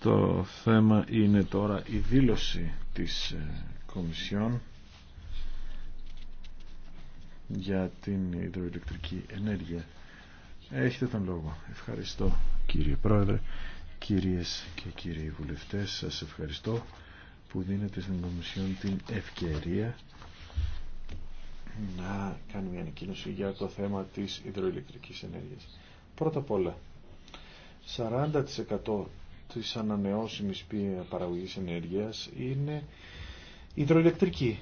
Το θέμα είναι τώρα η δήλωση της ε, Κομισιόν για την υδροηλεκτρική ενέργεια. Έχετε τον λόγο. Ευχαριστώ κύριε Πρόεδρε, κυρίες και κύριοι βουλευτές. Σας ευχαριστώ που δίνετε στην Κομισιόν την ευκαιρία να κάνουμε μια ανακοίνωση για το θέμα της υδροηλεκτρικής ενέργειας. Πρώτα απ' όλα, 40% της ανανεώσιμης παραγωγής ενέργειας είναι υδροηλεκτρική.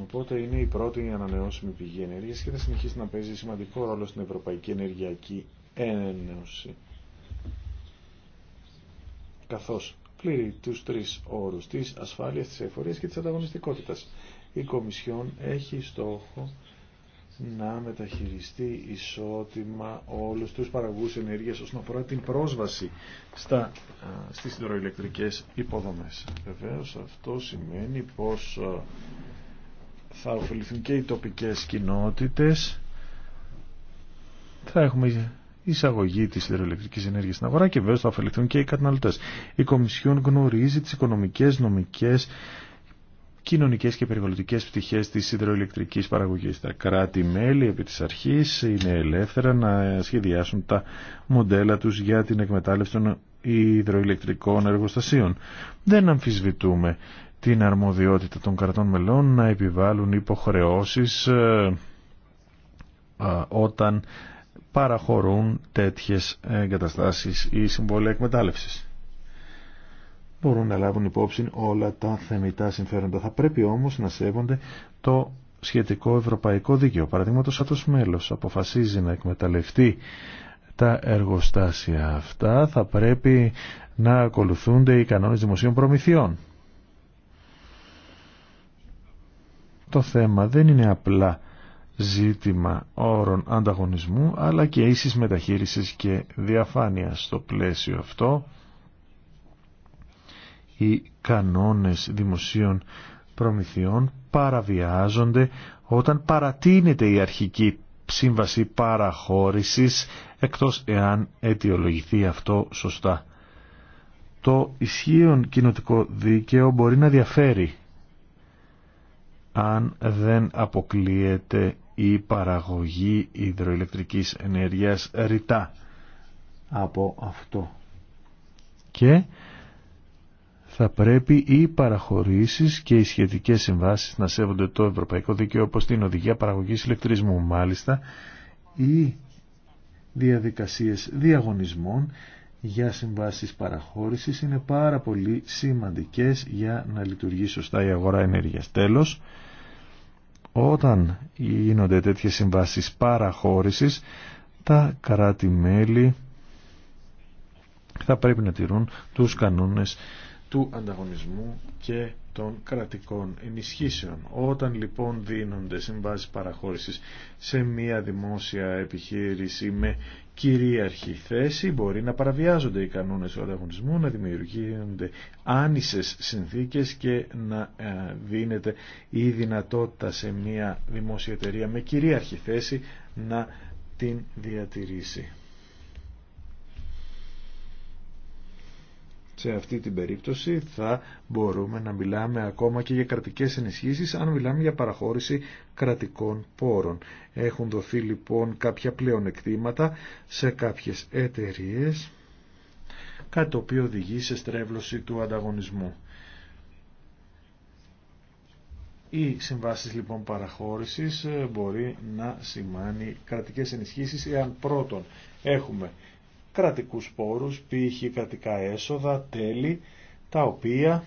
Οπότε είναι η πρώτη ανανεώσιμη πηγή ενέργειας και θα συνεχίσει να παίζει σημαντικό ρόλο στην Ευρωπαϊκή Ενεργειακή Ένωση. Καθώς πλήρει τους τρεις όρους της ασφάλειας, της εφορίας και της ανταγωνιστικότητας. Η Κομισιόν έχει στόχο να μεταχειριστεί ισότιμα όλους τους παραγωγούς ενέργειας όσον αφορά την πρόσβαση στα, στις υποδομέ. υποδομές. Βεβαίως αυτό σημαίνει πως θα ωφεληθούν και οι τοπικές κοινότητες θα έχουμε εισαγωγή της υδροελεκτρικής ενέργειας στην αγορά και βέβαια θα ωφεληθούν και οι καταναλωτές. Η Κομισιόν γνωρίζει τις οικονομικές, νομικές κοινωνικές και περιβαλλοντικές πτυχές της υδροηλεκτρικής παραγωγής. Τα κράτη-μέλη επί της αρχής είναι ελεύθερα να σχεδιάσουν τα μοντέλα τους για την εκμετάλλευση των υδροηλεκτρικών εργοστασίων. Δεν αμφισβητούμε την αρμοδιότητα των κρατών μελών να επιβάλλουν υποχρεώσεις ε, όταν παραχωρούν τέτοιες εγκαταστάσεις ή συμβόλαια εκμετάλλευσης μπορούν να λάβουν υπόψη όλα τα θεμητά συμφέροντα. Θα πρέπει όμως να σέβονται το σχετικό ευρωπαϊκό δίκαιο. Παραδείγματο το μέλος αποφασίζει να εκμεταλλευτεί τα εργοστάσια αυτά θα πρέπει να ακολουθούνται οι κανόνες δημοσίων προμηθειών. Το θέμα δεν είναι απλά ζήτημα όρων ανταγωνισμού αλλά και ίσης μεταχείρισης και διαφάνειας στο πλαίσιο αυτό οι κανόνες δημοσίων προμηθειών παραβιάζονται όταν παρατείνεται η αρχική σύμβαση παραχώρησης εκτός εάν αιτιολογηθεί αυτό σωστά. Το ισχύον κοινοτικό δίκαιο μπορεί να διαφέρει αν δεν αποκλείεται η παραγωγή υδροηλεκτρικής ενέργειας ρητά από αυτό. Και θα πρέπει οι παραχωρήσεις και οι σχετικές συμβάσεις να σέβονται το ευρωπαϊκό δίκαιο όπως την οδηγία παραγωγής ηλεκτρισμού. Μάλιστα, οι διαδικασίες διαγωνισμών για συμβάσεις παραχώρησης είναι πάρα πολύ σημαντικές για να λειτουργεί σωστά η αγορά ενέργειας. Τέλος, όταν γίνονται τέτοιες συμβάσεις παραχώρησης, τα κράτη-μέλη θα πρέπει να τηρούν τους κανόνες του ανταγωνισμού και των κρατικών ενισχύσεων. Όταν λοιπόν δίνονται συμβάσεις παραχώρησης σε μια δημόσια επιχείρηση με κυρίαρχη θέση μπορεί να παραβιάζονται οι κανόνες του ανταγωνισμού, να δημιουργούνται άνισες συνθήκες και να ε, δίνεται η δυνατότητα σε μια δημόσια εταιρεία με κυρίαρχη θέση να την διατηρήσει. Σε αυτή την περίπτωση θα μπορούμε να μιλάμε ακόμα και για κρατικές ενισχύσεις αν μιλάμε για παραχώρηση κρατικών πόρων. Έχουν δοθεί λοιπόν κάποια πλεονεκτήματα σε κάποιες εταιρείε κάτι το οποίο οδηγεί σε στρέβλωση του ανταγωνισμού. Οι συμβάσεις λοιπόν παραχώρησης ε, μπορεί να σημάνει κρατικές ενισχύσεις εάν πρώτον έχουμε κρατικούς πόρους, π.χ. κρατικά έσοδα, τέλη, τα οποία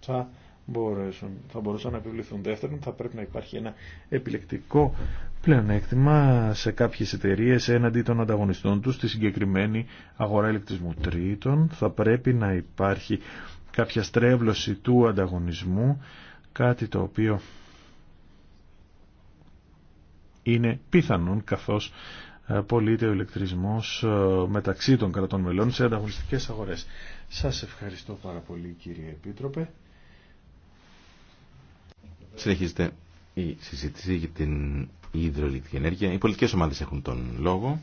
θα, θα μπορούσαν να επιβληθούν. Δεύτερον, θα πρέπει να υπάρχει ένα επιλεκτικό πλεονέκτημα σε κάποιες εταιρείε έναντι των ανταγωνιστών τους στη συγκεκριμένη αγορά ηλεκτρισμού. Τρίτον, θα πρέπει να υπάρχει κάποια στρέβλωση του ανταγωνισμού, κάτι το οποίο είναι πιθανόν καθώς ε, πωλείται ο ηλεκτρισμός ε, μεταξύ των κρατών μελών σε ανταγωνιστικές αγορές. Σας ευχαριστώ πάρα πολύ κύριε Επίτροπε. Συνεχίζεται η συζήτηση για την υδρολητική ενέργεια. Οι πολιτικές ομάδες έχουν τον λόγο.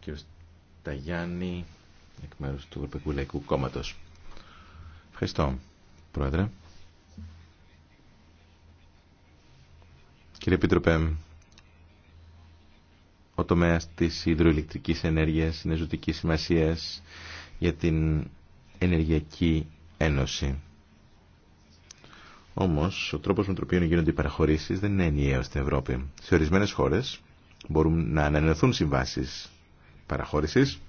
Κύριος Ταγιάννη, εκ μέρους του Ευρωπαϊκού Λαϊκού Κόμματος. Ευχαριστώ, Πρόεδρε. Κύριε Επίτροπε, ο τομέας της υδροηλεκτρικής ενέργειας είναι ζωτική σημασία για την ενεργειακή ένωση. Όμως, ο τρόπος με τον οποίο γίνονται οι παραχωρήσεις δεν είναι ενιαίο στην Ευρώπη. Σε ορισμένες χώρες μπορούν να ανανεωθούν συμβάσεις παραχώρησης.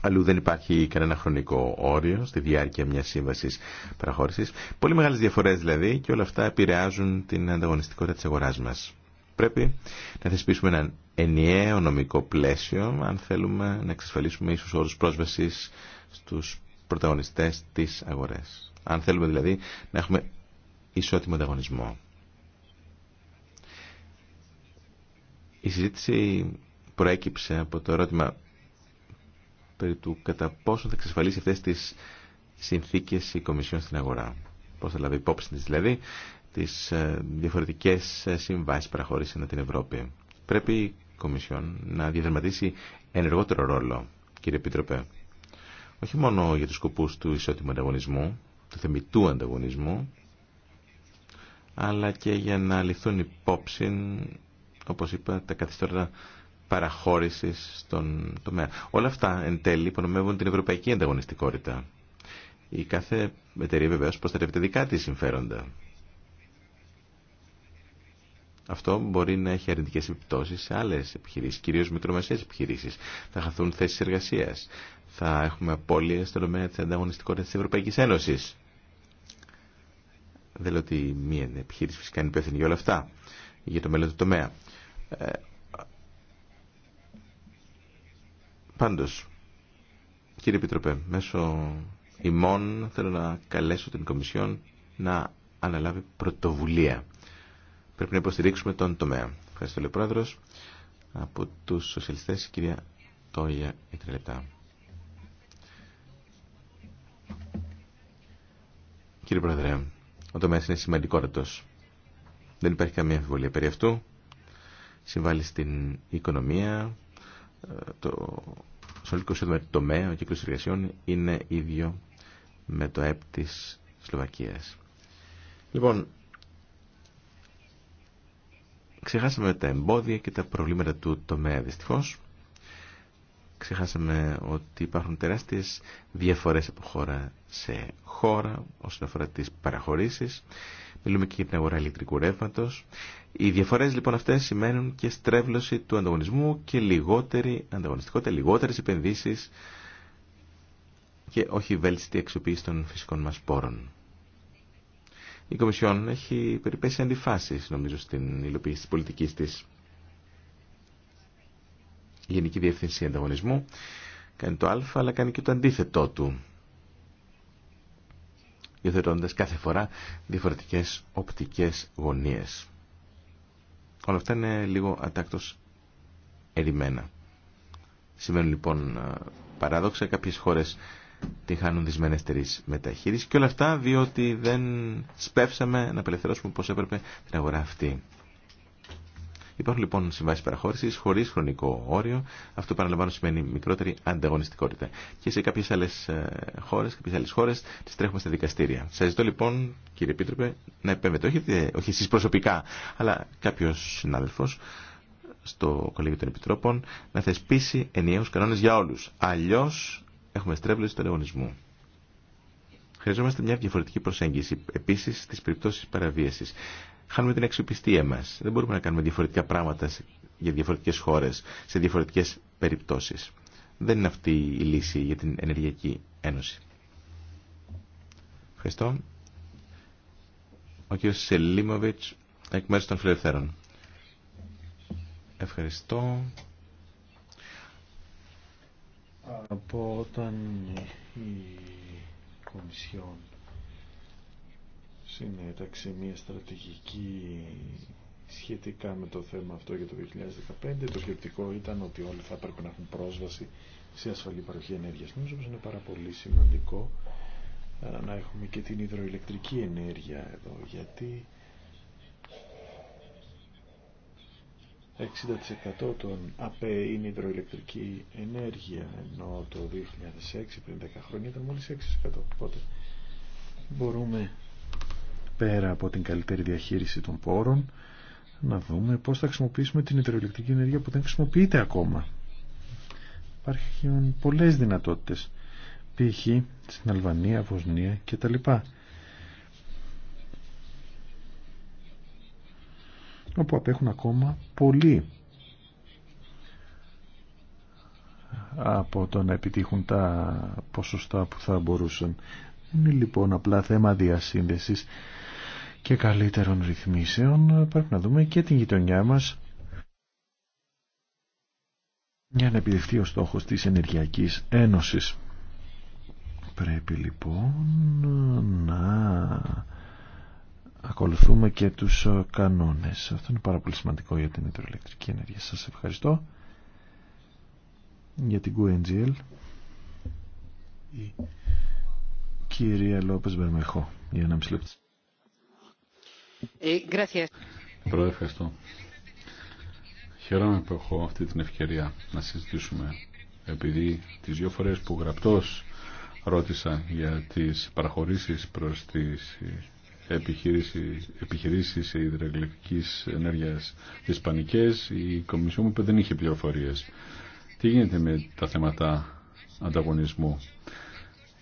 Αλλού δεν υπάρχει κανένα χρονικό όριο στη διάρκεια μιας σύμβασης παραχώρησης. Πολύ μεγάλες διαφορές δηλαδή και όλα αυτά επηρεάζουν την ανταγωνιστικότητα της αγοράς μας. Πρέπει να θεσπίσουμε ένα ενιαίο νομικό πλαίσιο αν θέλουμε να εξασφαλίσουμε ίσους όρους πρόσβασης στους πρωταγωνιστές της αγορές. Αν θέλουμε δηλαδή να έχουμε ισότιμο ανταγωνισμό. Η συζήτηση προέκυψε από το ερώτημα περί του κατά πόσο θα εξασφαλίσει αυτές τις συνθήκες η Κομισιόν στην αγορά. Πώς θα λάβει υπόψη της δηλαδή τις ε, διαφορετικές ε, συμβάσεις παραχώρησης ανά την Ευρώπη. Πρέπει η Κομισιόν να διαδραματίσει ενεργότερο ρόλο, κύριε Επίτροπε, όχι μόνο για τους σκοπούς του ισότιμου ανταγωνισμού, του θεμητού ανταγωνισμού, αλλά και για να ληφθούν υπόψη, όπως είπα, τα καθιστώρα παραχώρησης στον τομέα. Όλα αυτά εν τέλει υπονομεύουν την ευρωπαϊκή ανταγωνιστικότητα. Η κάθε εταιρεία βεβαίως προστατεύεται δικά της συμφέροντα. Αυτό μπορεί να έχει αρνητικές επιπτώσεις σε άλλε επιχειρήσει, κυρίω μικρομεσαίε επιχειρήσεις. Θα χαθούν θέσεις εργασία. Θα έχουμε απώλειες στον τομέα τη ανταγωνιστικότητα τη Ευρωπαϊκής Ένωσης. Δεν λέω ότι μία επιχείρηση φυσικά είναι υπεύθυνη για όλα αυτά, για το μέλλον του τομέα. Ε, πάντως, κύριε Επιτροπέ, μέσω ημών θέλω να καλέσω την Κομισιόν να αναλάβει πρωτοβουλία πρέπει να υποστηρίξουμε τον τομέα. Ευχαριστώ, λέει πρόεδρο Από τους σοσιαλιστές, η κυρία Τόγια, Ιτρελετά. Κύριε Πρόεδρε, ο τομέα είναι σημαντικότατο. Δεν υπάρχει καμία αμφιβολία περί αυτού. Συμβάλλει στην οικονομία, το συνολικό του τομέα, ο κύκλος εργασιών είναι ίδιο με το ΕΠ της Σλοβακίας. Λοιπόν, Ξεχάσαμε τα εμπόδια και τα προβλήματα του τομέα δυστυχώς. Ξεχάσαμε ότι υπάρχουν τεράστιες διαφορές από χώρα σε χώρα όσον αφορά τις παραχωρήσεις. Μιλούμε και για την αγορά ηλεκτρικού ρεύματο. Οι διαφορές λοιπόν αυτές σημαίνουν και στρέβλωση του ανταγωνισμού και λιγότερη ανταγωνιστικότητα, λιγότερες επενδύσεις και όχι βέλτιστη αξιοποίηση των φυσικών μας πόρων. Η Κομισιόν έχει περιπέσει αντιφάσεις, νομίζω, στην υλοποίηση της πολιτικής της. Η Γενική Διευθύνση Ανταγωνισμού κάνει το α, αλλά κάνει και το αντίθετό του, υιοθετώντας κάθε φορά διαφορετικές οπτικές γωνίες. Όλα αυτά είναι λίγο ατάκτως ερημένα. Σημαίνουν λοιπόν παράδοξα, κάποιες χώρες την χάνουν δυσμενέστερη μεταχείριση και όλα αυτά διότι δεν σπεύσαμε να απελευθερώσουμε πώς έπρεπε την αγορά αυτή. Υπάρχουν λοιπόν συμβάσει παραχώρηση χωρί χρονικό όριο. Αυτό παραλαμβάνω σημαίνει μικρότερη ανταγωνιστικότητα. Και σε κάποιε άλλε χώρε, κάποιε άλλε χώρε, τι τρέχουμε στα δικαστήρια. Σα ζητώ λοιπόν, κύριε Επίτροπε, να επέμβετε. Όχι, όχι εσεί προσωπικά, αλλά κάποιο συνάδελφο στο Κολέγιο των Επιτρόπων να θεσπίσει ενιαίου κανόνε για όλου. Αλλιώ έχουμε στρέβλωση του αιωνισμού. Χρειαζόμαστε μια διαφορετική προσέγγιση επίση στι περιπτώσει παραβίαση. Χάνουμε την αξιοπιστία μα. Δεν μπορούμε να κάνουμε διαφορετικά πράγματα για διαφορετικέ χώρε, σε διαφορετικέ περιπτώσει. Δεν είναι αυτή η λύση για την Ενεργειακή Ένωση. Ευχαριστώ. Ο κ. Σελίμοβιτ, εκ μέρου των Φιλελευθέρων. Ευχαριστώ από όταν η Κομισιόν συνέταξε μια στρατηγική σχετικά με το θέμα αυτό για το 2015. Το σκεπτικό ήταν ότι όλοι θα έπρεπε να έχουν πρόσβαση σε ασφαλή παροχή ενέργειας. Νομίζω πως είναι πάρα πολύ σημαντικό ε, να έχουμε και την υδροηλεκτρική ενέργεια εδώ, γιατί 60% των ΑΠΕ είναι υδροηλεκτρική ενέργεια, ενώ το 2006 πριν 10 χρόνια ήταν μόλις 6%. Οπότε μπορούμε πέρα από την καλύτερη διαχείριση των πόρων να δούμε πώς θα χρησιμοποιήσουμε την υδροηλεκτρική ενέργεια που δεν χρησιμοποιείται ακόμα. Υπάρχουν πολλές δυνατότητες π.χ. στην Αλβανία, Βοσνία κτλ. που απέχουν ακόμα πολύ από το να επιτύχουν τα ποσοστά που θα μπορούσαν. είναι λοιπόν απλά θέμα διασύνδεσης και καλύτερων ρυθμίσεων. Πρέπει να δούμε και την γειτονιά μας για να επιδευτεί ο στόχος της Ενεργειακής Ένωσης. Πρέπει λοιπόν να ακολουθούμε και τους ε, κανόνες. Αυτό είναι πάρα πολύ σημαντικό για την υδροελεκτρική ενέργεια. Σας ευχαριστώ για την QNGL. Η κυρία Λόπες Μπερμεχό, για ένα μισή λεπτό. Ε, Πρόεδρε, ευχαριστώ. Χαίρομαι που έχω αυτή την ευκαιρία να συζητήσουμε επειδή τις δύο φορές που γραπτός ρώτησα για τις παραχωρήσεις προς τις επιχειρήσεις ενέργεια ενέργειας Πανικές, Η Κομισιόν μου δεν είχε πληροφορίε. Τι γίνεται με τα θέματα ανταγωνισμού.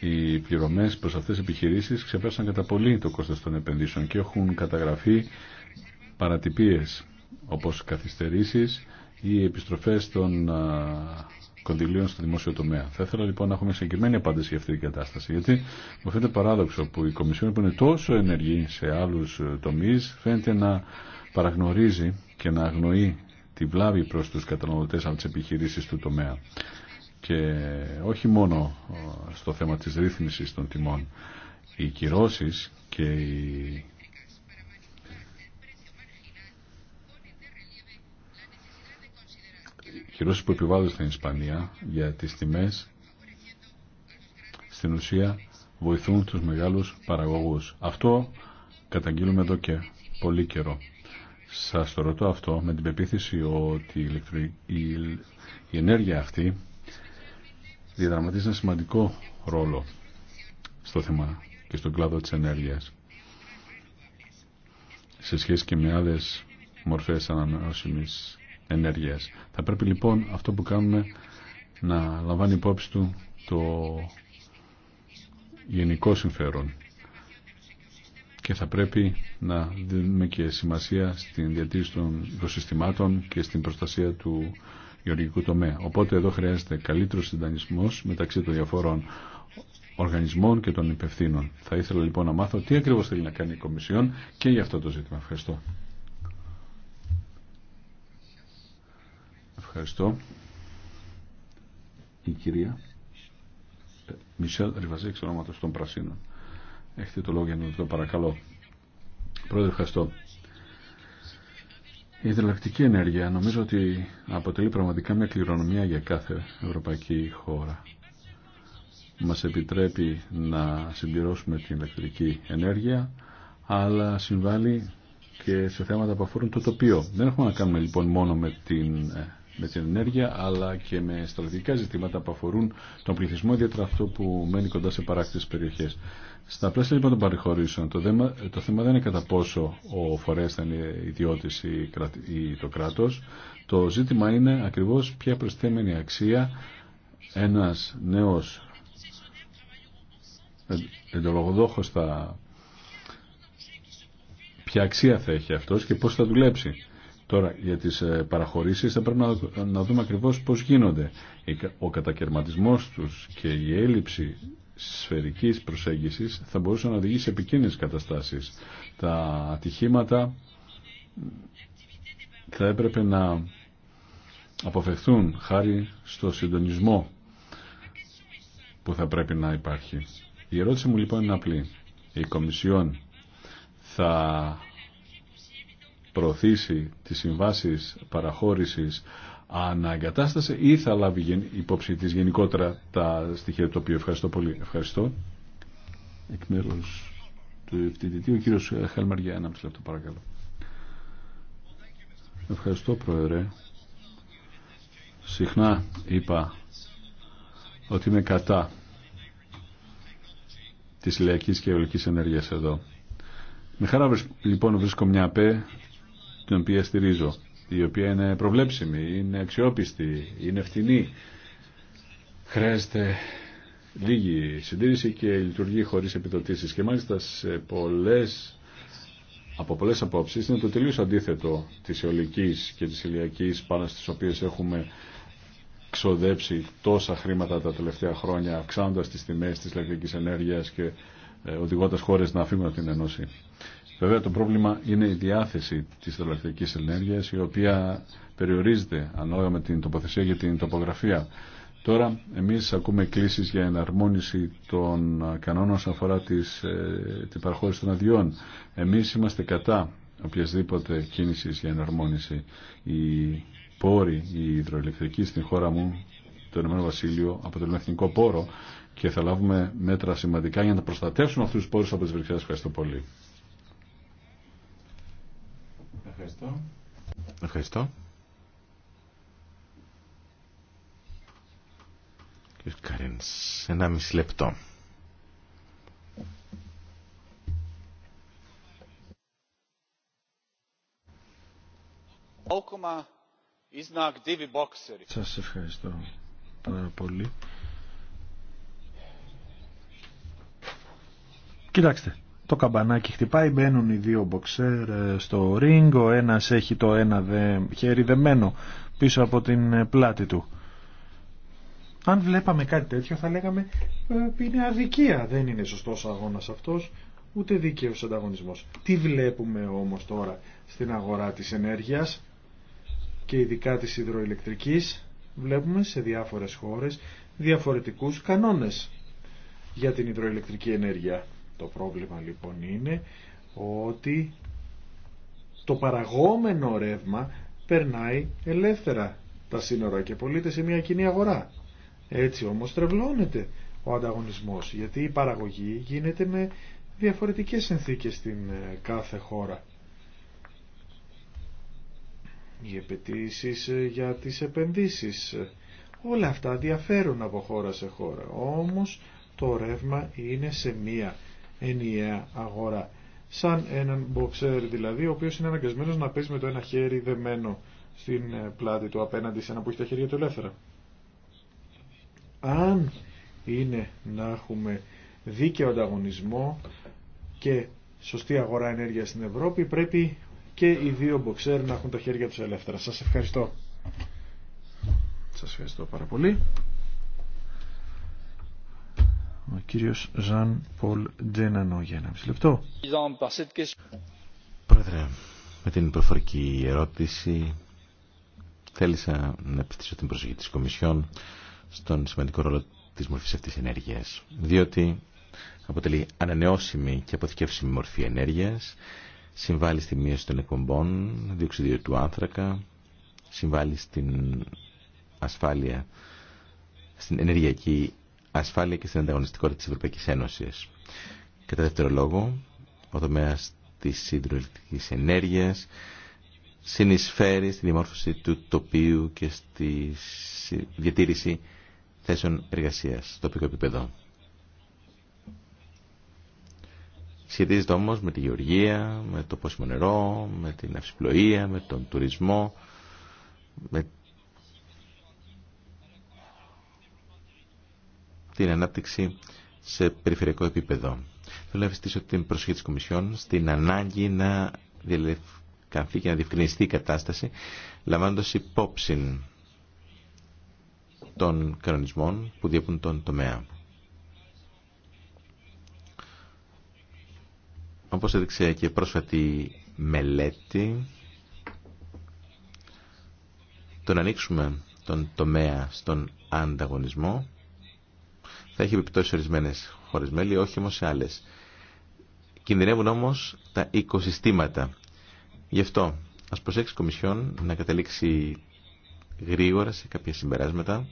Οι πληρωμές προ αυτές τι επιχειρήσεις ξεπέρασαν κατά πολύ το κόστο των επενδύσεων και έχουν καταγραφεί παρατυπίε όπως καθυστερήσεις ή επιστροφές των κονδυλίων στο δημόσιο τομέα. Θα ήθελα λοιπόν να έχουμε συγκεκριμένη απάντηση για αυτή την κατάσταση. Γιατί μου φαίνεται παράδοξο που η Κομισιόν που είναι τόσο ενεργή σε άλλου ε, τομεί φαίνεται να παραγνωρίζει και να αγνοεί τη βλάβη προ του καταναλωτέ από τι επιχειρήσει του τομέα. Και όχι μόνο ε, στο θέμα τη ρύθμιση των τιμών. Οι κυρώσει και οι κυρώσεις που επιβάλλονται στην Ισπανία για τις τιμές στην ουσία βοηθούν τους μεγάλους παραγωγούς. Αυτό καταγγείλουμε εδώ και πολύ καιρό. Σας το ρωτώ αυτό με την πεποίθηση ότι η ενέργεια αυτή διαδραματίζει ένα σημαντικό ρόλο στο θέμα και στον κλάδο της ενέργειας σε σχέση και με άλλες μορφές ανανεώσιμης ενέργειας. Θα πρέπει λοιπόν αυτό που κάνουμε να λαμβάνει υπόψη του το γενικό συμφέρον και θα πρέπει να δίνουμε και σημασία στην διατήρηση των οικοσυστημάτων και στην προστασία του γεωργικού τομέα. Οπότε εδώ χρειάζεται καλύτερο συντανισμό μεταξύ των διαφόρων οργανισμών και των υπευθύνων. Θα ήθελα λοιπόν να μάθω τι ακριβώς θέλει να κάνει η Κομισιόν και για αυτό το ζήτημα. Ευχαριστώ. Ευχαριστώ. Η κυρία Μισελ Ριβαζή, εξ ονόματο των Πρασίνων. Έχετε το λόγο για να το παρακαλώ. Πρόεδρε, ευχαριστώ. Η ηλεκτρική ενέργεια νομίζω ότι αποτελεί πραγματικά μια κληρονομιά για κάθε ευρωπαϊκή χώρα. Μας επιτρέπει να συμπληρώσουμε την ηλεκτρική ενέργεια, αλλά συμβάλλει και σε θέματα που αφορούν το τοπίο. Δεν έχουμε να κάνουμε λοιπόν μόνο με την με την ενέργεια αλλά και με στρατηγικά ζητήματα που αφορούν τον πληθυσμό, ιδιαίτερα αυτό που μένει κοντά σε παράκτητες περιοχές. Στα πλαίσια λοιπόν των παρηχωρήσεων, το, θέμα, το θέμα δεν είναι κατά πόσο ο φορέας θα είναι ιδιώτης ή το κράτος. Το ζήτημα είναι ακριβώς ποια προσθέμενη αξία ένας νέος εντολογοδόχος θα ποια αξία θα έχει αυτός και πώς θα δουλέψει. Τώρα για τις ε, παραχωρήσεις θα πρέπει να, δούμε ακριβώς πώς γίνονται. Ο κατακαιρματισμός τους και η έλλειψη σφαιρικής προσέγγισης θα μπορούσε να οδηγήσει σε επικίνδυνες καταστάσεις. Τα ατυχήματα θα έπρεπε να αποφευθούν χάρη στο συντονισμό που θα πρέπει να υπάρχει. Η ερώτηση μου λοιπόν είναι απλή. Η Κομισιόν θα προωθήσει τις συμβάσει παραχώρησης αναγκατάσταση ή θα λάβει υπόψη της γενικότερα τα στοιχεία του οποίου ευχαριστώ πολύ. Ευχαριστώ. Εκ μέρου του ευθυντητή ο κύριος Χέλμαρ για ένα λεπτό παρακαλώ. Ευχαριστώ Πρόεδρε. Συχνά είπα ότι είμαι κατά της ηλιακής και αιωλικής ενέργειας εδώ. Με χαρά λοιπόν βρίσκω μια ΑΠΕ την οποία στηρίζω, η οποία είναι προβλέψιμη, είναι αξιόπιστη, είναι φτηνή. Χρειάζεται λίγη συντήρηση και λειτουργεί χωρίς επιδοτήσεις και μάλιστα σε πολλές, από πολλές απόψεις είναι το τελείως αντίθετο της αιωλικής και της ηλιακής πάνω στις οποίες έχουμε ξοδέψει τόσα χρήματα τα τελευταία χρόνια αυξάνοντας τις τιμές της ηλεκτρικής ενέργειας και ε, οδηγώντας χώρες να αφήνουν την Ενώση. Βέβαια το πρόβλημα είναι η διάθεση της θελακτικής ενέργειας η οποία περιορίζεται ανάλογα με την τοποθεσία και την τοπογραφία. Τώρα εμείς ακούμε κλήσεις για εναρμόνιση των κανόνων όσον αφορά τις, ε, την παραχώρηση των αδειών. Εμείς είμαστε κατά οποιασδήποτε κίνηση για εναρμόνιση. Οι πόροι, οι υδροελεκτρικοί στην χώρα μου, το Ηνωμένο Βασίλειο, αποτελούν εθνικό πόρο και θα λάβουμε μέτρα σημαντικά για να προστατεύσουμε αυτούς τους πόρους από τις Ευχαριστώ πολύ. Ευχαριστώ. Ευχαριστώ. Κύριε Καρίνς, ένα μισή λεπτό. Σας ευχαριστώ πάρα πολύ. Κοιτάξτε, το καμπανάκι χτυπάει, μπαίνουν οι δύο μποξέρ ε, στο ring, ο ένας έχει το ένα δε, χέρι δεμένο πίσω από την ε, πλάτη του. Αν βλέπαμε κάτι τέτοιο θα λέγαμε ε, είναι αδικία, δεν είναι σωστός αγώνας αυτός, ούτε δίκαιος ανταγωνισμός. Τι βλέπουμε όμως τώρα στην αγορά της ενέργειας και ειδικά της υδροηλεκτρικής, βλέπουμε σε διάφορες χώρες διαφορετικούς κανόνες για την υδροηλεκτρική ενέργεια το πρόβλημα λοιπόν είναι ότι το παραγόμενο ρεύμα περνάει ελεύθερα τα σύνορα και πωλείται σε μια κοινή αγορά. Έτσι όμως τρευλώνεται ο ανταγωνισμός γιατί η παραγωγή γίνεται με διαφορετικές συνθήκες στην ε, κάθε χώρα. Οι επαιτήσει ε, για τις επενδύσεις. Ε, όλα αυτά διαφέρουν από χώρα σε χώρα. Όμως το ρεύμα είναι σε μία ενιαία αγορά. Σαν έναν μποξέρ δηλαδή, ο οποίος είναι αναγκασμένος να παίζει με το ένα χέρι δεμένο στην ε, πλάτη του απέναντι σε ένα που έχει τα χέρια του ελεύθερα. Αν είναι να έχουμε δίκαιο ανταγωνισμό και σωστή αγορά ενέργεια στην Ευρώπη, πρέπει και οι δύο μποξέρ να έχουν τα χέρια τους ελεύθερα. Σας ευχαριστώ. Σας ευχαριστώ πάρα πολύ. Ο κύριος Ζαν Πολ Τζένανο για ένα μισή λεπτό. Πρόεδρε, με την προφορική ερώτηση θέλησα να επιστήσω την προσοχή της Κομισιόν στον σημαντικό ρόλο της μορφής αυτής της ενέργειας. Διότι αποτελεί ανανεώσιμη και αποθηκεύσιμη μορφή ενέργειας, συμβάλλει στη μείωση των εκπομπών, διοξιδίου του άνθρακα, συμβάλλει στην ασφάλεια, στην ενεργειακή ασφάλεια και στην ανταγωνιστικότητα της Ευρωπαϊκής Ένωσης. Κατά δεύτερο λόγο, ο τομέα της υδροελεκτρικής ενέργειας συνεισφέρει στη διαμόρφωση του τοπίου και στη διατήρηση θέσεων εργασίας στο τοπικό επίπεδο. Σχετίζεται όμως με τη γεωργία, με το πόσιμο νερό, με την αυσιπλοεία, με τον τουρισμό, με την ανάπτυξη σε περιφερειακό επίπεδο. Θέλω να ευχαριστήσω την προσοχή της Κομισιόν στην ανάγκη να διελευκανθεί και να διευκρινιστεί η κατάσταση, λαμβάνοντας υπόψη των κανονισμών που διέπουν τον τομέα. Όπως έδειξε και πρόσφατη μελέτη, το να ανοίξουμε τον τομέα στον ανταγωνισμό θα έχει επιπτώσει σε ορισμένε χώρε μέλη, όχι όμω σε άλλε. Κινδυνεύουν όμω τα οικοσυστήματα. Γι' αυτό α προσέξει η Κομισιόν να καταλήξει γρήγορα σε κάποια συμπεράσματα,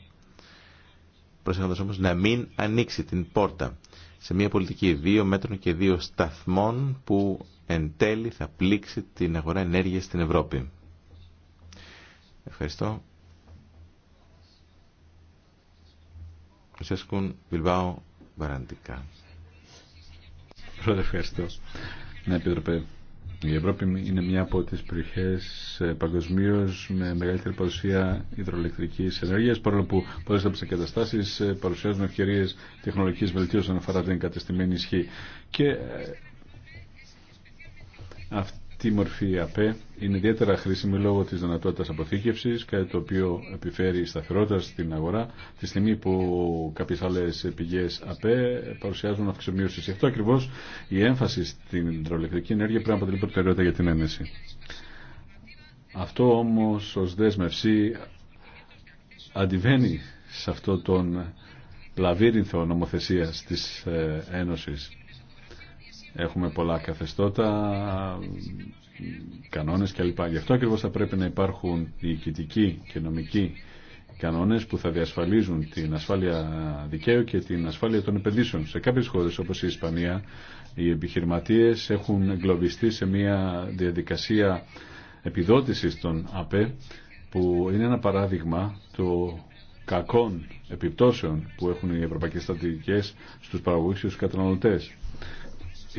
προσέχοντα όμω να μην ανοίξει την πόρτα σε μια πολιτική δύο μέτρων και δύο σταθμών που εν τέλει θα πλήξει την αγορά ενέργεια στην Ευρώπη. Ευχαριστώ. Σέσκουν Βιλμπάου βαραντικά. Πρώτα ευχαριστώ. Ναι, Επίτροπε, η Ευρώπη είναι μια από τις περιοχές ε, παγκοσμίω με μεγαλύτερη παρουσία υδροελεκτρικής ενέργειας, παρόλο που πολλές από τις εγκαταστάσεις ε, παρουσιάζουν ευκαιρίες τεχνολογικής βελτίωσης αφορά την κατεστημένη ισχύ. Και ε, τη μορφή ΑΠΕ είναι ιδιαίτερα χρήσιμη λόγω της δυνατότητας αποθήκευσης, κάτι το οποίο επιφέρει σταθερότητα στην αγορά, τη στιγμή που κάποιες άλλες πηγές ΑΠΕ παρουσιάζουν αυξημίωση. Γι' αυτό ακριβώς η έμφαση στην τρολεκτρική ενέργεια πρέπει να αποτελεί προτεραιότητα για την ένεση. Αυτό όμως ως δέσμευση αντιβαίνει σε αυτό τον λαβύρινθο νομοθεσίας της ε, Ένωσης Έχουμε πολλά καθεστώτα, κανόνες κλπ. Γι' αυτό ακριβώς θα πρέπει να υπάρχουν διοικητικοί και νομικοί κανόνες που θα διασφαλίζουν την ασφάλεια δικαίου και την ασφάλεια των επενδύσεων. Σε κάποιες χώρες όπως η Ισπανία οι επιχειρηματίες έχουν εγκλωβιστεί σε μια διαδικασία επιδότησης των ΑΠΕ που είναι ένα παράδειγμα του κακών επιπτώσεων που έχουν οι ευρωπαϊκές στρατηγικές στους παραγωγούς και στους καταναλωτές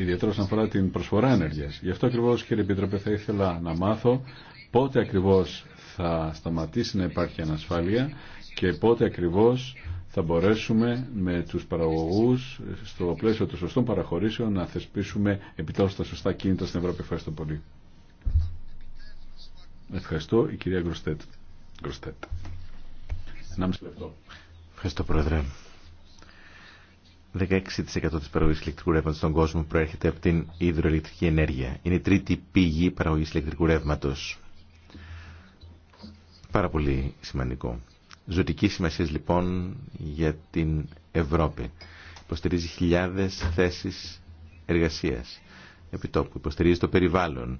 ιδιαίτερα όσον αφορά την προσφορά ενέργειας. Γι' αυτό ακριβώς κύριε Επίτροπε θα ήθελα να μάθω πότε ακριβώς θα σταματήσει να υπάρχει ανασφάλεια και πότε ακριβώς θα μπορέσουμε με τους παραγωγούς στο πλαίσιο των σωστών παραχωρήσεων να θεσπίσουμε επιτέλους τα σωστά κίνητα στην Ευρώπη. Ευχαριστώ πολύ. Ευχαριστώ η κυρία Γκροστέτ. Γκροστέτ. Ευχαριστώ Πρόεδρε. 16% της παραγωγής ηλεκτρικού ρεύματος στον κόσμο προέρχεται από την υδροελεκτρική ενέργεια. Είναι η τρίτη πηγή παραγωγής ηλεκτρικού ρεύματος. Πάρα πολύ σημαντικό. Ζωτική σημασία λοιπόν για την Ευρώπη. Υποστηρίζει χιλιάδες θέσεις εργασίας επιτόπου. Υποστηρίζει το περιβάλλον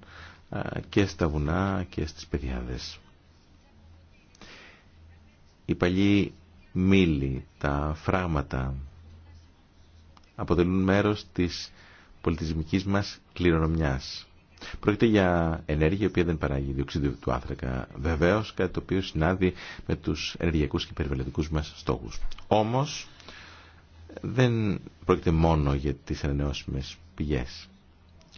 και στα βουνά και στις παιδιάδες. Οι παλιοί μήλοι, τα φράγματα, αποτελούν μέρος της πολιτισμικής μας κληρονομιάς. Πρόκειται για ενέργεια η οποία δεν παράγει διοξίδιο του άνθρακα βεβαίω, κάτι το οποίο συνάδει με τους ενεργειακού και περιβαλλοντικού μας στόχου. Όμως, δεν πρόκειται μόνο για τι ανανεώσιμε πηγέ.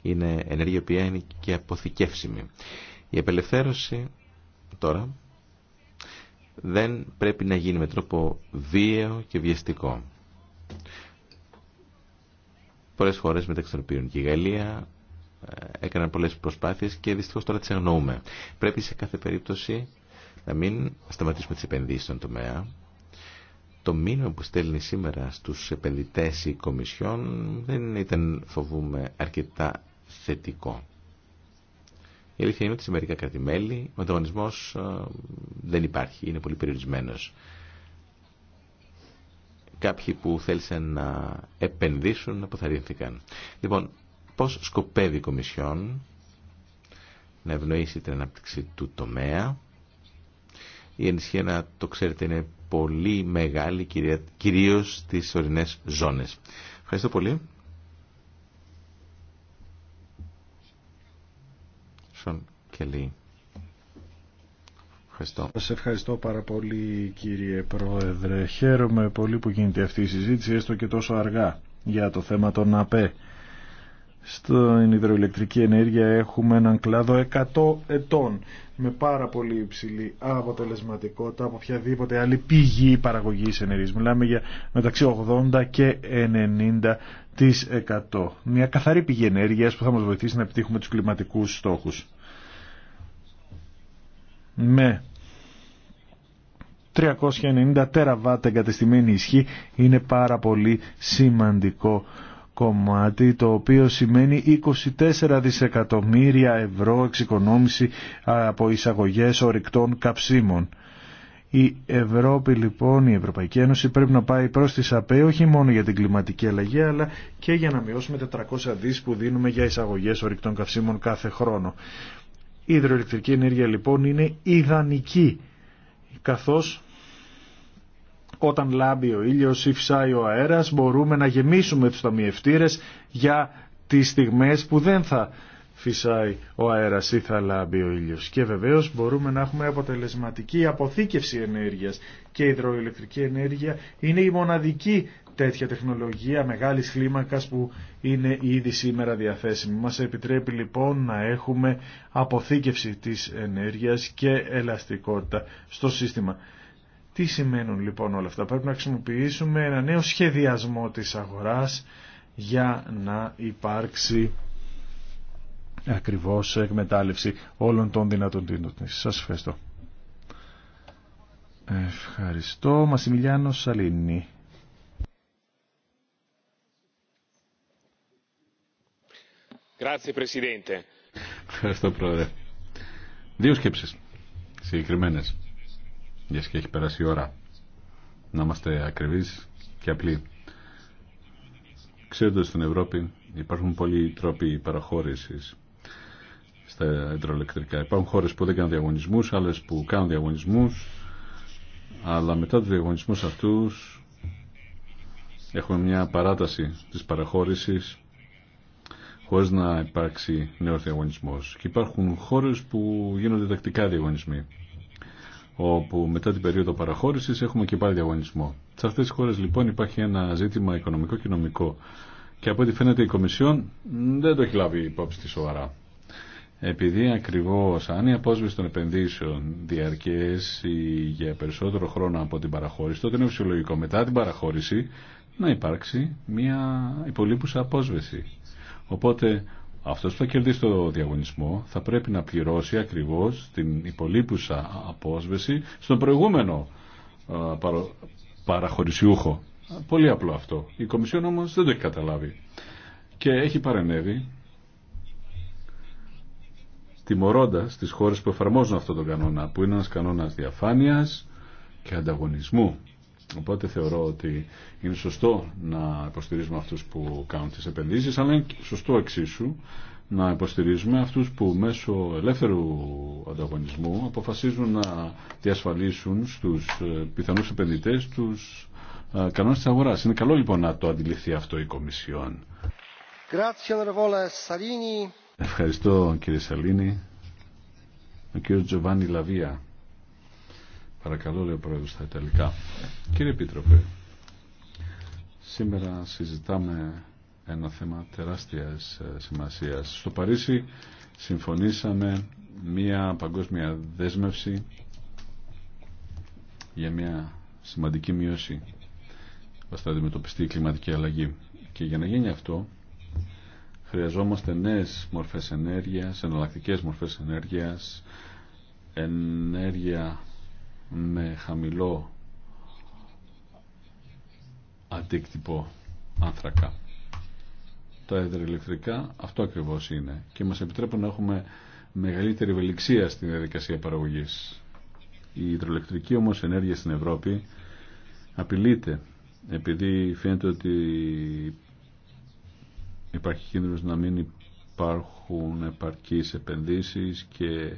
Είναι ενέργεια η οποία είναι και αποθηκεύσιμη. Η απελευθέρωση τώρα δεν πρέπει να γίνει με τρόπο βίαιο και βιαστικό. Πολλές χώρες μεταξύ των οποίων και η Γαλλία ε, έκαναν πολλές προσπάθειες και δυστυχώς τώρα τις αγνοούμε. Πρέπει σε κάθε περίπτωση να μην σταματήσουμε τις επενδύσεις στον τομέα. Το μήνυμα που στέλνει σήμερα στους επενδυτές η Κομισιόν δεν ήταν φοβούμε αρκετά θετικό. Η αλήθεια είναι ότι σε μερικά μελη ο ανταγωνισμός ε, δεν υπάρχει, είναι πολύ περιορισμένος κάποιοι που θέλησαν να επενδύσουν αποθαρρύνθηκαν. Λοιπόν, πώς σκοπεύει η Κομισιόν να ευνοήσει την ανάπτυξη του τομέα. Η να το ξέρετε, είναι πολύ μεγάλη, κυρίως στις ορεινές ζώνες. Ευχαριστώ πολύ. Σον Κελή. Ευχαριστώ. Σας ευχαριστώ πάρα πολύ κύριε Πρόεδρε. Χαίρομαι πολύ που γίνεται αυτή η συζήτηση έστω και τόσο αργά για το θέμα των ΑΠΕ. Στην υδροηλεκτρική ενέργεια έχουμε έναν κλάδο 100 ετών με πάρα πολύ υψηλή αποτελεσματικότητα από οποιαδήποτε άλλη πηγή παραγωγής ενέργειας. Μιλάμε για μεταξύ 80 και 90%. Μια καθαρή πηγή ενέργειας που θα μας βοηθήσει να επιτύχουμε τους κλιματικούς στόχους. Με 390 τεραβάτα εγκατεστημένη ισχύ είναι πάρα πολύ σημαντικό κομμάτι το οποίο σημαίνει 24 δισεκατομμύρια ευρώ εξοικονόμηση από εισαγωγές ορυκτών καυσίμων. Η Ευρώπη λοιπόν, η Ευρωπαϊκή Ένωση πρέπει να πάει προς τη ΣΑΠΕ όχι μόνο για την κλιματική αλλαγή αλλά και για να μειώσουμε 400 δις που δίνουμε για εισαγωγές ορυκτών καυσίμων κάθε χρόνο. Η υδροελεκτρική ενέργεια λοιπόν είναι ιδανική καθώς όταν λάμπει ο ήλιος ή φυσάει ο αέρας μπορούμε να γεμίσουμε τους ταμιευτήρες για τις στιγμές που δεν θα φυσάει ο αέρας ή θα λάμπει ο ήλιος. Και βεβαίως μπορούμε να έχουμε αποτελεσματική αποθήκευση ενέργειας και η υδροηλεκτρική ενέργεια είναι η μοναδική τέτοια τεχνολογία μεγάλης κλίμακας που είναι ήδη σήμερα διαθέσιμη. Μας επιτρέπει λοιπόν να έχουμε αποθήκευση της ενέργειας και ελαστικότητα στο σύστημα. Τι σημαίνουν λοιπόν όλα αυτά. Πρέπει να χρησιμοποιήσουμε ένα νέο σχεδιασμό της αγοράς για να υπάρξει ακριβώς εκμετάλλευση όλων των δυνατοτήτων της. Σας ευχαριστώ. Ευχαριστώ. Μασιμιλιάνο Σαλίνη. Ευχαριστώ, Πρόεδρε. Δύο σκέψεις συγκεκριμένες, για έχει περάσει η ώρα. Να είμαστε ακριβείς και απλοί. Ξέρετε ότι στην Ευρώπη υπάρχουν πολλοί τρόποι παραχώρησης στα υδροελεκτρικά. Υπάρχουν χώρες που δεν κάνουν διαγωνισμούς, άλλες που κάνουν διαγωνισμούς, αλλά μετά τους διαγωνισμούς αυτούς έχουμε μια παράταση της παραχώρησης χωρί να υπάρξει νέο διαγωνισμό. Και υπάρχουν χώρε που γίνονται τακτικά διαγωνισμοί, όπου μετά την περίοδο παραχώρηση έχουμε και πάλι διαγωνισμό. Σε αυτέ τι χώρε λοιπόν υπάρχει ένα ζήτημα οικονομικό και νομικό. Και από ό,τι φαίνεται η Κομισιόν δεν το έχει λάβει υπόψη τη σοβαρά. Επειδή ακριβώ αν η απόσβεση των επενδύσεων διαρκέσει για περισσότερο χρόνο από την παραχώρηση, τότε είναι φυσιολογικό μετά την παραχώρηση να υπάρξει μια υπολείπουσα απόσβεση. Οπότε αυτός που θα κερδίσει το διαγωνισμό θα πρέπει να πληρώσει ακριβώς την υπολείπουσα απόσβεση στον προηγούμενο παραχωρησιούχο. Πολύ απλό αυτό. Η Κομισιόν όμως δεν το έχει καταλάβει. Και έχει παρενέβει τιμωρώντας τις χώρες που εφαρμόζουν αυτόν τον κανόνα, που είναι ένας κανόνας διαφάνειας και ανταγωνισμού. Οπότε θεωρώ ότι είναι σωστό να υποστηρίζουμε αυτούς που κάνουν τις επενδύσεις, αλλά είναι σωστό εξίσου να υποστηρίζουμε αυτούς που μέσω ελεύθερου ανταγωνισμού αποφασίζουν να διασφαλίσουν στους ε, πιθανούς επενδυτές τους ε, κανόνες της αγοράς. Είναι καλό λοιπόν να το αντιληφθεί αυτό η Κομισιόν. Ευχαριστώ κύριε Σαλίνη. Ο κύριος Τζοβάνι Λαβία. Παρακαλώ, λέει ο Πρόεδρος στα Ιταλικά. Κύριε Επίτροπε, σήμερα συζητάμε ένα θέμα τεράστιας ε, σημασίας. Στο Παρίσι συμφωνήσαμε μία παγκόσμια δέσμευση για μία σημαντική μείωση ώστε να αντιμετωπιστεί κλιματική αλλαγή. Και για να γίνει αυτό χρειαζόμαστε νέες μορφές ενέργειας, εναλλακτικές μορφές ενέργειας, ενέργεια με χαμηλό αντίκτυπο άνθρακα. Τα υδροελεκτρικά αυτό ακριβώς είναι και μας επιτρέπουν να έχουμε μεγαλύτερη ευελιξία στην διαδικασία παραγωγής. Η υδροελεκτρική όμως ενέργεια στην Ευρώπη απειλείται επειδή φαίνεται ότι υπάρχει κίνδυνος να μην υπάρχουν επαρκείς επενδύσεις και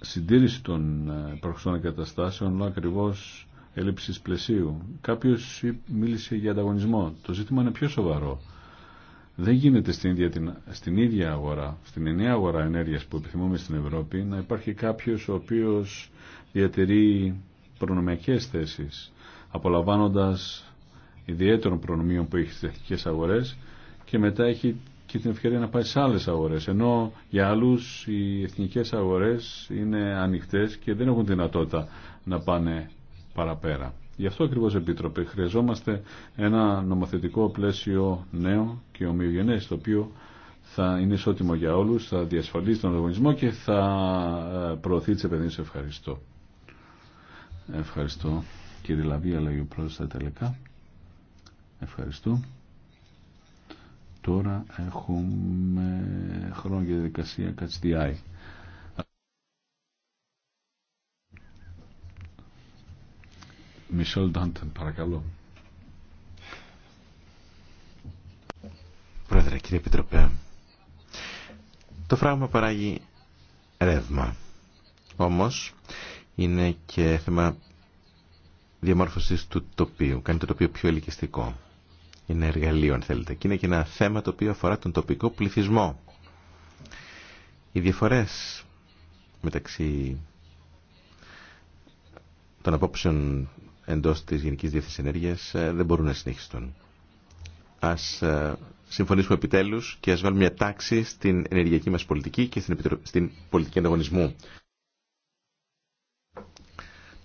συντήρηση των ε, προχωρών εγκαταστάσεων, αλλά ακριβώ έλλειψη πλαισίου. Κάποιο μίλησε για ανταγωνισμό. Το ζήτημα είναι πιο σοβαρό. Δεν γίνεται στην ίδια, την, στην ίδια αγορά, στην ενιαία αγορά ενέργειας που επιθυμούμε στην Ευρώπη, να υπάρχει καποιο ο οποιο διατηρεί προνομιακές θέσεις, απολαμβανοντα ιδιαίτερων προνομίων που έχει στι εθνικέ αγορές και μετά έχει και την ευκαιρία να πάει σε άλλες αγορές. Ενώ για άλλους οι εθνικές αγορές είναι ανοιχτές και δεν έχουν δυνατότητα να πάνε παραπέρα. Γι' αυτό ακριβώς Επίτροπε χρειαζόμαστε ένα νομοθετικό πλαίσιο νέο και ομοιογενές το οποίο θα είναι ισότιμο για όλους, θα διασφαλίσει τον οργανισμό και θα ε, προωθεί τις επενδύσεις. Ευχαριστώ. Ευχαριστώ κύριε Λαβία, λέγει ο στα τελικά. Ευχαριστώ. Τώρα έχουμε χρόνο για διαδικασία κατσδιάη. Μισελ Ντάντεν, παρακαλώ. Πρόεδρε, κύριε Επιτροπέ, το φράγμα παράγει ρεύμα. Όμως, είναι και θέμα διαμόρφωσης του τοπίου. Κάνει το τοπίο πιο ελκυστικό ένα εργαλείο αν θέλετε και είναι και ένα θέμα το οποίο αφορά τον τοπικό πληθυσμό. Οι διαφορές μεταξύ των απόψεων εντός της Γενικής Διεύθυνσης Ενέργειας ε, δεν μπορούν να συνεχιστούν. Ας ε, συμφωνήσουμε επιτέλους και ας βάλουμε μια τάξη στην ενεργειακή μας πολιτική και στην πολιτική ανταγωνισμού.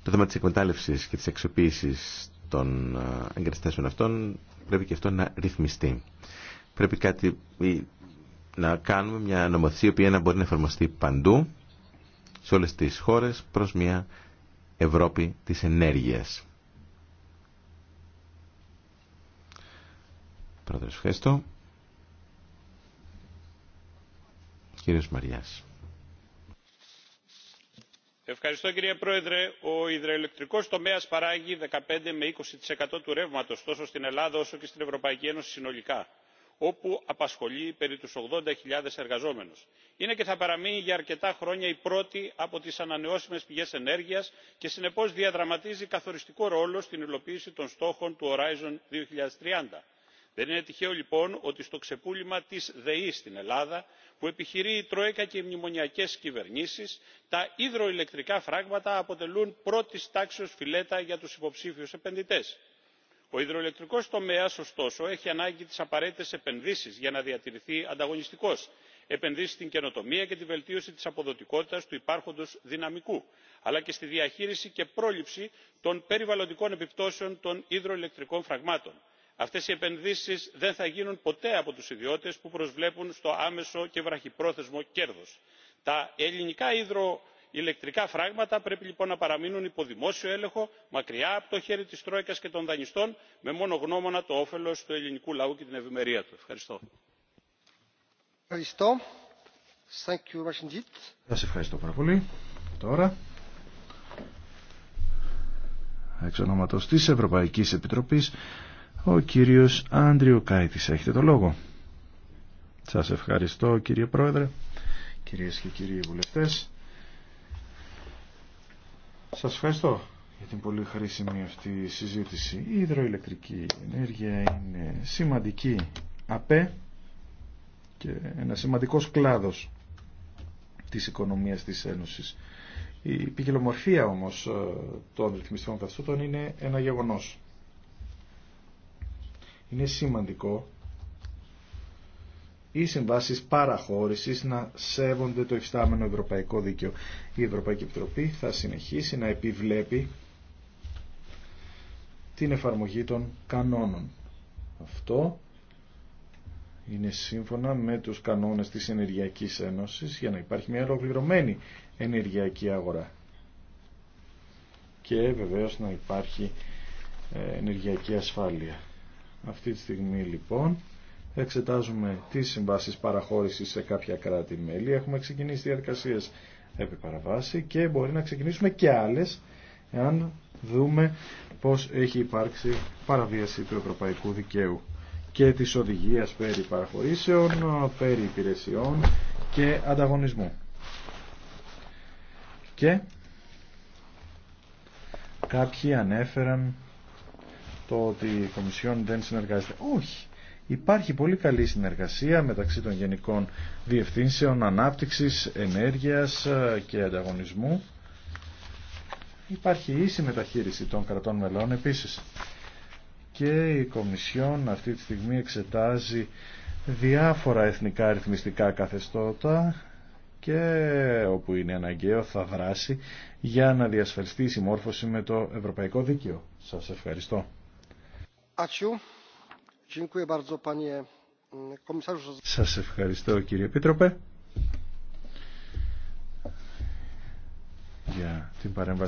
Το θέμα της εκμετάλλευσης και της αξιοποίησης των ε, εγκαταστάσεων αυτών πρέπει και αυτό να ρυθμιστεί. Πρέπει κάτι να κάνουμε μια νομοθεσία που να μπορεί να εφαρμοστεί παντού σε όλες τις χώρες προς μια Ευρώπη της ενέργειας. Πρόεδρος, ευχαριστώ. Κύριος Μαριάς. Ευχαριστώ κύριε Πρόεδρε. Ο υδροηλεκτρικός τομέας παράγει 15 με 20% του ρεύματος τόσο στην Ελλάδα όσο και στην Ευρωπαϊκή Ένωση συνολικά, όπου απασχολεί περί τους 80.000 εργαζόμενους. Είναι και θα παραμείνει για αρκετά χρόνια η πρώτη από τις ανανεώσιμες πηγές ενέργειας και συνεπώς διαδραματίζει καθοριστικό ρόλο στην υλοποίηση των στόχων του Horizon 2030 δεν είναι τυχαίο λοιπόν ότι στο ξεπούλημα της ΔΕΗ στην ελλάδα που επιχειρεί η τρόικα και οι μνημονιακές κυβερνήσεις τα υδροηλεκτρικά φράγματα αποτελούν πρώτης τάξεως φιλέτα για τους υποψήφιους επενδυτές. ο υδροηλεκτρικός τομέας ωστόσο έχει ανάγκη τις απαραίτητες επενδύσεις για να διατηρηθεί ανταγωνιστικός επενδύσει στην καινοτομία και τη βελτίωση της αποδοτικότητας του υπάρχοντος δυναμικού αλλά και στη διαχείριση και πρόληψη των περιβαλλοντικών επιπτώσεων των υδροηλεκτρικών φραγμάτων αυτές οι επενδύσεις δεν θα γίνουν ποτέ από τους ιδιώτες που προσβλέπουν στο άμεσο και βραχυπρόθεσμο κέρδος. τα ελληνικά υδροηλεκτρικά φράγματα πρέπει λοιπόν να παραμείνουν υπό δημόσιο έλεγχο μακριά από το χέρι της τρόικας και των δανειστών με μόνο γνώμονα το όφελος του ελληνικού λαού και την ευημερία του. ευχαριστώ. ευχαριστώ πάρα πολύ. Τώρα, ο κύριος Άντριο Κάιτης, έχετε το λόγο. Σας ευχαριστώ κύριε Πρόεδρε, κυρίες και κύριοι βουλευτές. Σας ευχαριστώ για την πολύ χρήσιμη αυτή συζήτηση. Η υδροηλεκτρική ενέργεια είναι σημαντική απέ και ένα σημαντικός κλάδος της οικονομίας της Ένωσης. Η ποικιλομορφία όμως ε, των ρυθμιστικών καθεστώτων είναι ένα γεγονός είναι σημαντικό οι συμβάσεις παραχώρησης να σέβονται το υφιστάμενο ευρωπαϊκό δίκαιο. Η Ευρωπαϊκή Επιτροπή θα συνεχίσει να επιβλέπει την εφαρμογή των κανόνων. Αυτό είναι σύμφωνα με τους κανόνες της Ενεργειακής Ένωσης για να υπάρχει μια ολοκληρωμένη ενεργειακή αγορά. Και βεβαίως να υπάρχει ε, ενεργειακή ασφάλεια. Αυτή τη στιγμή λοιπόν εξετάζουμε τι συμβάσεις παραχώρησης σε κάποια κράτη-μέλη. Έχουμε ξεκινήσει διαδικασίες επί παραβάση και μπορεί να ξεκινήσουμε και άλλες εάν δούμε πώς έχει υπάρξει παραβίαση του ευρωπαϊκού δικαίου και της οδηγίας περί παραχωρήσεων, περί υπηρεσιών και ανταγωνισμού. Και κάποιοι ανέφεραν το ότι η Κομισιόν δεν συνεργάζεται. Όχι. Υπάρχει πολύ καλή συνεργασία μεταξύ των Γενικών Διευθύνσεων Ανάπτυξης, Ενέργειας ε, και Ανταγωνισμού. Υπάρχει ίση μεταχείριση των κρατών μελών επίσης. Και η Κομισιόν αυτή τη στιγμή εξετάζει διάφορα εθνικά αριθμιστικά καθεστώτα και όπου είναι αναγκαίο θα δράσει για να διασφαλιστεί η συμμόρφωση με το Ευρωπαϊκό Δίκαιο. Σας ευχαριστώ. Mm, Σας ευχαριστώ κύριε Επίτροπε για την παρέμβαση.